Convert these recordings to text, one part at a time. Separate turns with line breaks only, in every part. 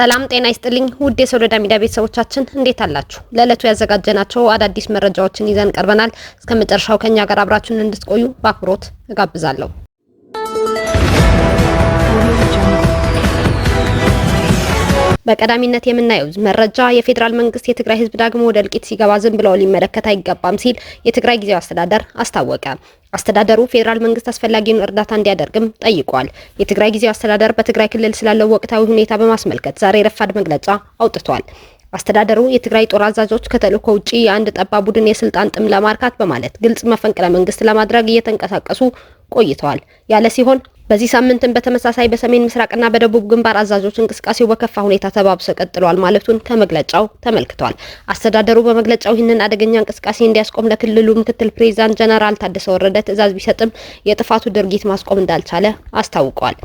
ሰላም ጤና ይስጥልኝ ውድ የሶሎዳ ሚዲያ ቤተሰቦቻችን እንዴት አላችሁ? ለዕለቱ ያዘጋጀናቸው አዳዲስ መረጃዎችን ይዘን ቀርበናል። እስከ መጨረሻው ከኛ ጋር አብራችሁን እንድትቆዩ በአክብሮት እጋብዛለሁ። በቀዳሚነት የምናየው መረጃ የፌዴራል መንግስት የትግራይ ህዝብ ዳግሞ ወደ እልቂት ሲገባ ዝም ብለው ሊመለከት አይገባም ሲል የትግራይ ጊዜያዊ አስተዳደር አስታወቀ። አስተዳደሩ ፌዴራል መንግስት አስፈላጊውን እርዳታ እንዲያደርግም ጠይቋል። የትግራይ ጊዜያዊ አስተዳደር በትግራይ ክልል ስላለው ወቅታዊ ሁኔታ በማስመልከት ዛሬ ረፋድ መግለጫ አውጥቷል። አስተዳደሩ የትግራይ ጦር አዛዦች ከተልእኮ ውጪ የአንድ ጠባብ ቡድን የስልጣን ጥም ለማርካት በማለት ግልጽ መፈንቅለ መንግስት ለማድረግ እየተንቀሳቀሱ ቆይተዋል ያለ ሲሆን በዚህ ሳምንትም በተመሳሳይ በሰሜን ምስራቅና በደቡብ ግንባር አዛዦች እንቅስቃሴው በከፋ ሁኔታ ተባብሶ ቀጥሏል ማለቱን ከመግለጫው ተመልክቷል። አስተዳደሩ በመግለጫው ይህንን አደገኛ እንቅስቃሴ እንዲያስቆም ለክልሉ ምክትል ፕሬዚዳንት ጀነራል ታደሰ ወረደ ትዕዛዝ ቢሰጥም የጥፋቱ ድርጊት ማስቆም እንዳልቻለ አስታውቋል።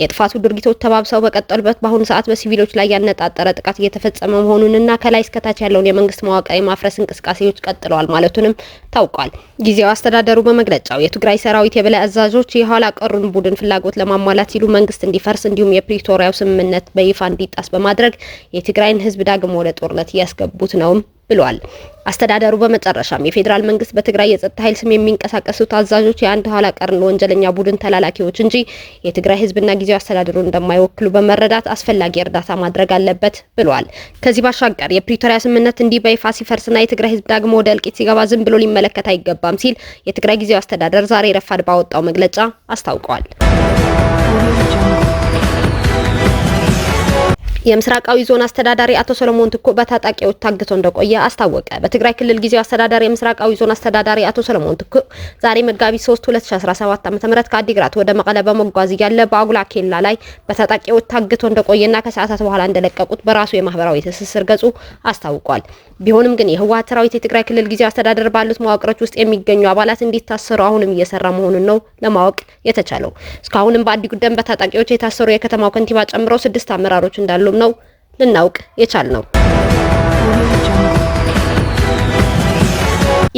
የጥፋቱ ድርጊቶች ተባብሰው በቀጠሉበት በአሁኑ ሰዓት በሲቪሎች ላይ ያነጣጠረ ጥቃት እየተፈጸመ መሆኑንና ከላይ እስከታች ያለውን የመንግስት መዋቅር የማፍረስ እንቅስቃሴዎች ቀጥለዋል ማለቱንም ታውቋል። ጊዜያዊ አስተዳደሩ በመግለጫው የትግራይ ሰራዊት የበላይ አዛዦች የኋላ ቀሩን ቡድን ፍላጎት ለማሟላት ሲሉ መንግስት እንዲፈርስ እንዲሁም የፕሪቶሪያው ስምምነት በይፋ እንዲጣስ በማድረግ የትግራይን ህዝብ ዳግም ወደ ጦርነት እያስገቡት ነውም ብሏል። አስተዳደሩ በመጨረሻም የፌዴራል መንግስት በትግራይ የጸጥታ ኃይል ስም የሚንቀሳቀሱ ታዛዦች የአንድ ኋላ ቀርን ወንጀለኛ ቡድን ተላላኪዎች እንጂ የትግራይ ህዝብና ጊዜያዊ አስተዳደሩ እንደማይወክሉ በመረዳት አስፈላጊ እርዳታ ማድረግ አለበት ብሏል። ከዚህ ባሻገር የፕሪቶሪያ ስምምነት እንዲህ በይፋ ሲፈርስና የትግራይ ህዝብ ዳግሞ ወደ እልቂት ሲገባ ዝም ብሎ ሊመለከት አይገባም ሲል የትግራይ ጊዜያዊ አስተዳደር ዛሬ ረፋድ ባወጣው መግለጫ አስታውቋል። የምስራቃዊ ዞን አስተዳዳሪ አቶ ሰለሞን ትኮ በታጣቂዎች ታግቶ እንደቆየ አስታወቀ። በትግራይ ክልል ጊዜያዊ አስተዳዳሪ የምስራቃዊ ዞን አስተዳዳሪ አቶ ሰለሞን ትኮ ዛሬ መጋቢት 3 2017 ዓ.ም ከአዲግራት ወደ መቀለ በመጓዝ እያለ በአጉላ ኬላ ላይ በታጣቂዎች ታግቶ እንደቆየና ከሰዓታት በኋላ እንደለቀቁት በራሱ የማህበራዊ ትስስር ገጹ አስታውቋል። ቢሆንም ግን የህወሓት ሰራዊት የትግራይ ክልል ጊዜያዊ አስተዳደር ባሉት መዋቅሮች ውስጥ የሚገኙ አባላት እንዲታሰሩ አሁንም እየሰራ መሆኑን ነው ለማወቅ የተቻለው። እስካሁንም በአዲ ጉዳይ በታጣቂዎች የታሰሩ የከተማው ከንቲባ ጨምሮ ስድስት አመራሮች እንዳሉ እንደሚችሉም ነው ልናውቅ የቻል ነው።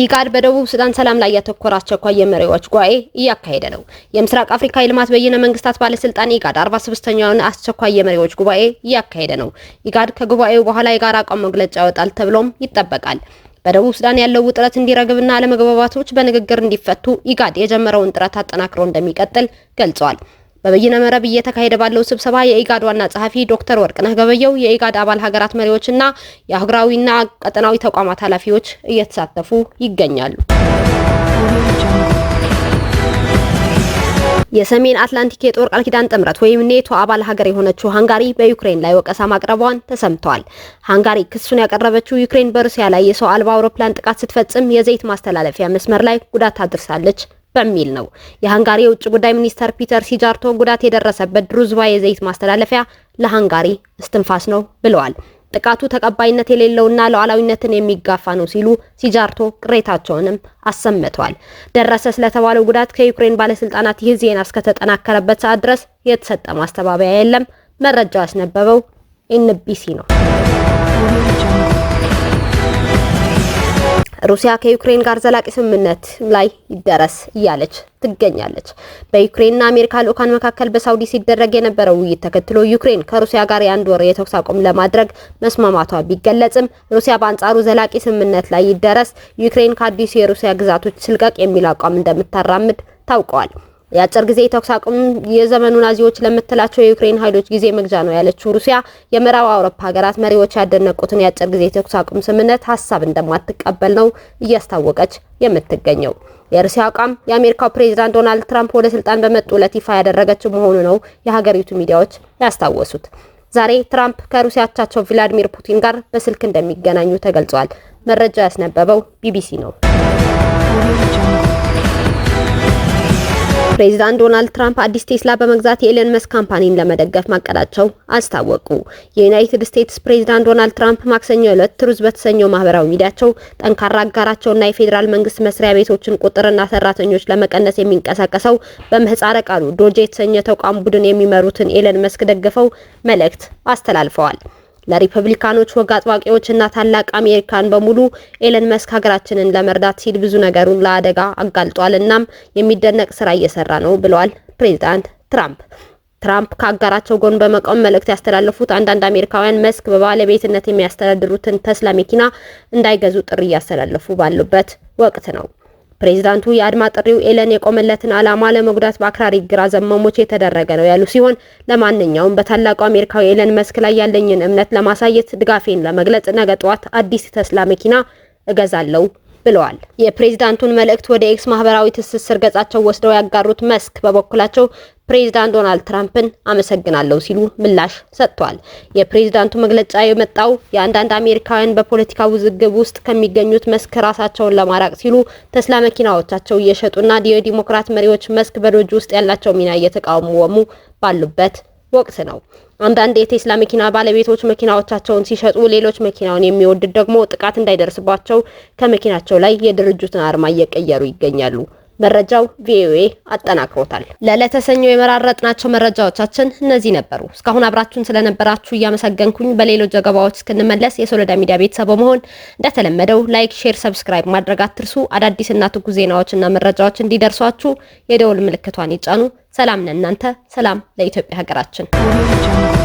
ኢጋድ በደቡብ ሱዳን ሰላም ላይ ያተኮረ አስቸኳይ የመሪዎች ጉባኤ እያካሄደ ነው። የምስራቅ አፍሪካ የልማት በይነ መንግስታት ባለስልጣን ኢጋድ 46ኛውን አስቸኳይ የመሪዎች ጉባኤ እያካሄደ ነው። ኢጋድ ከጉባኤው በኋላ የጋራ አቋም መግለጫ ያወጣል ተብሎም ይጠበቃል። በደቡብ ሱዳን ያለው ውጥረት እንዲረግብና አለመግባባቶች በንግግር እንዲፈቱ ኢጋድ የጀመረውን ጥረት አጠናክሮ እንደሚቀጥል ገልጿል። በበይነ መረብ እየተካሄደ ባለው ስብሰባ የኢጋድ ዋና ጸሐፊ ዶክተር ወርቅነህ ገበየው፣ የኢጋድ አባል ሀገራት መሪዎችና የአህጉራዊና ቀጠናዊ ተቋማት ኃላፊዎች እየተሳተፉ ይገኛሉ። የሰሜን አትላንቲክ የጦር ቃል ኪዳን ጥምረት ወይም ኔቶ አባል ሀገር የሆነችው ሃንጋሪ በዩክሬን ላይ ወቀሳ ማቅረቧን ተሰምተዋል። ሃንጋሪ ክሱን ያቀረበችው ዩክሬን በሩሲያ ላይ የሰው አልባ አውሮፕላን ጥቃት ስትፈጽም የዘይት ማስተላለፊያ መስመር ላይ ጉዳት አድርሳለች በሚል ነው። የሃንጋሪ የውጭ ጉዳይ ሚኒስተር ፒተር ሲጃርቶ ጉዳት የደረሰበት ድሩዝባ የዘይት ማስተላለፊያ ለሃንጋሪ እስትንፋስ ነው ብለዋል። ጥቃቱ ተቀባይነት የሌለውና ሉዓላዊነትን የሚጋፋ ነው ሲሉ ሲጃርቶ ቅሬታቸውንም አሰምተዋል። ደረሰ ስለተባለው ጉዳት ከዩክሬን ባለስልጣናት ይህ ዜና እስከተጠናከረበት ሰዓት ድረስ የተሰጠ ማስተባበያ የለም። መረጃው ያስነበበው ኤንቢሲ ነው። ሩሲያ ከዩክሬን ጋር ዘላቂ ስምምነት ላይ ይደረስ እያለች ትገኛለች። በዩክሬንና አሜሪካ ልኡካን መካከል በሳውዲ ሲደረግ የነበረው ውይይት ተከትሎ ዩክሬን ከሩሲያ ጋር የአንድ ወር የተኩስ አቁም ለማድረግ መስማማቷ ቢገለጽም ሩሲያ በአንጻሩ ዘላቂ ስምምነት ላይ ይደረስ፣ ዩክሬን ከአዲሱ የሩሲያ ግዛቶች ስልቀቅ የሚል አቋም እንደምታራምድ ታውቀዋል። የአጭር ጊዜ የተኩስ አቁም የዘመኑ ናዚዎች ለምትላቸው የዩክሬን ኃይሎች ጊዜ መግዣ ነው ያለችው ሩሲያ የምዕራብ አውሮፓ ሀገራት መሪዎች ያደነቁትን የአጭር ጊዜ ተኩስ አቁም ስምምነት ሀሳብ እንደማትቀበል ነው እያስታወቀች የምትገኘው። የሩሲያ አቋም የአሜሪካው ፕሬዚዳንት ዶናልድ ትራምፕ ወደ ስልጣን በመጡ ዕለት ይፋ ያደረገችው መሆኑ ነው የሀገሪቱ ሚዲያዎች ያስታወሱት። ዛሬ ትራምፕ ከሩሲያ አቻቸው ፑቲን ጋር በስልክ እንደሚገናኙ ተገልጿል። መረጃው ያስነበበው ቢቢሲ ነው። ፕሬዚዳንት ዶናልድ ትራምፕ አዲስ ቴስላ በመግዛት የኤለን መስክ ካምፓኒን ለመደገፍ ማቀዳቸው አስታወቁ። የዩናይትድ ስቴትስ ፕሬዚዳንት ዶናልድ ትራምፕ ማክሰኞ ዕለት ትሩዝ በተሰኘው ማህበራዊ ሚዲያቸው ጠንካራ አጋራቸውና የፌዴራል መንግስት መስሪያ ቤቶችን ቁጥርና ሰራተኞች ለመቀነስ የሚንቀሳቀሰው በምህጻረ ቃሉ ዶጄ የተሰኘ ተቋም ቡድን የሚመሩትን ኤለን መስክ ደግፈው መልእክት አስተላልፈዋል። ለሪፐብሊካኖች ወግ አጥባቂዎች እና ታላቅ አሜሪካን በሙሉ ኤለን መስክ ሀገራችንን ለመርዳት ሲል ብዙ ነገሩን ለአደጋ አጋልጧል፣ እናም የሚደነቅ ስራ እየሰራ ነው ብለዋል ፕሬዚዳንት ትራምፕ። ትራምፕ ከአጋራቸው ጎን በመቆም መልእክት ያስተላለፉት አንዳንድ አሜሪካውያን መስክ በባለቤትነት የሚያስተዳድሩትን ተስላ መኪና እንዳይገዙ ጥሪ እያስተላለፉ ባሉበት ወቅት ነው። ፕሬዚዳንቱ የአድማ ጥሪው ኤለን የቆመለትን ዓላማ ለመጉዳት በአክራሪ ግራ ዘመሞች የተደረገ ነው ያሉ ሲሆን ለማንኛውም በታላቁ አሜሪካዊ ኤለን መስክ ላይ ያለኝን እምነት ለማሳየት ድጋፌን ለመግለጽ ነገ ጠዋት አዲስ ተስላ መኪና እገዛለሁ ብለዋል። የፕሬዚዳንቱን መልእክት ወደ ኤክስ ማህበራዊ ትስስር ገጻቸው ወስደው ያጋሩት መስክ በበኩላቸው ፕሬዚዳንት ዶናልድ ትራምፕን አመሰግናለሁ ሲሉ ምላሽ ሰጥቷል። የፕሬዚዳንቱ መግለጫ የመጣው የአንዳንድ አሜሪካውያን በፖለቲካ ውዝግብ ውስጥ ከሚገኙት መስክ ራሳቸውን ለማራቅ ሲሉ ተስላ መኪናዎቻቸው እየሸጡና የዲሞክራት መሪዎች መስክ በዶጅ ውስጥ ያላቸው ሚና እየተቃወሙ ባሉበት ወቅት ነው። አንዳንድ የቴስላ መኪና ባለቤቶች መኪናዎቻቸውን ሲሸጡ ሌሎች መኪናውን የሚወድ ደግሞ ጥቃት እንዳይደርስባቸው ከመኪናቸው ላይ የድርጅቱን አርማ እየቀየሩ ይገኛሉ። መረጃው ቪኦኤ አጠናክሮታል። ለለተሰኞ የመራረጥናቸው መረጃዎቻችን እነዚህ ነበሩ። እስካሁን አብራችሁን ስለነበራችሁ እያመሰገንኩኝ በሌሎች ዘገባዎች እስክንመለስ የሶለዳ ሚዲያ ቤተሰብ በመሆን እንደተለመደው ላይክ፣ ሼር፣ ሰብስክራይብ ማድረግ አትርሱ። አዳዲስና ትኩስ ዜናዎችና መረጃዎች እንዲደርሷችሁ የደውል ምልክቷን ይጫኑ። ሰላም ለእናንተ፣ ሰላም ለኢትዮጵያ ሀገራችን።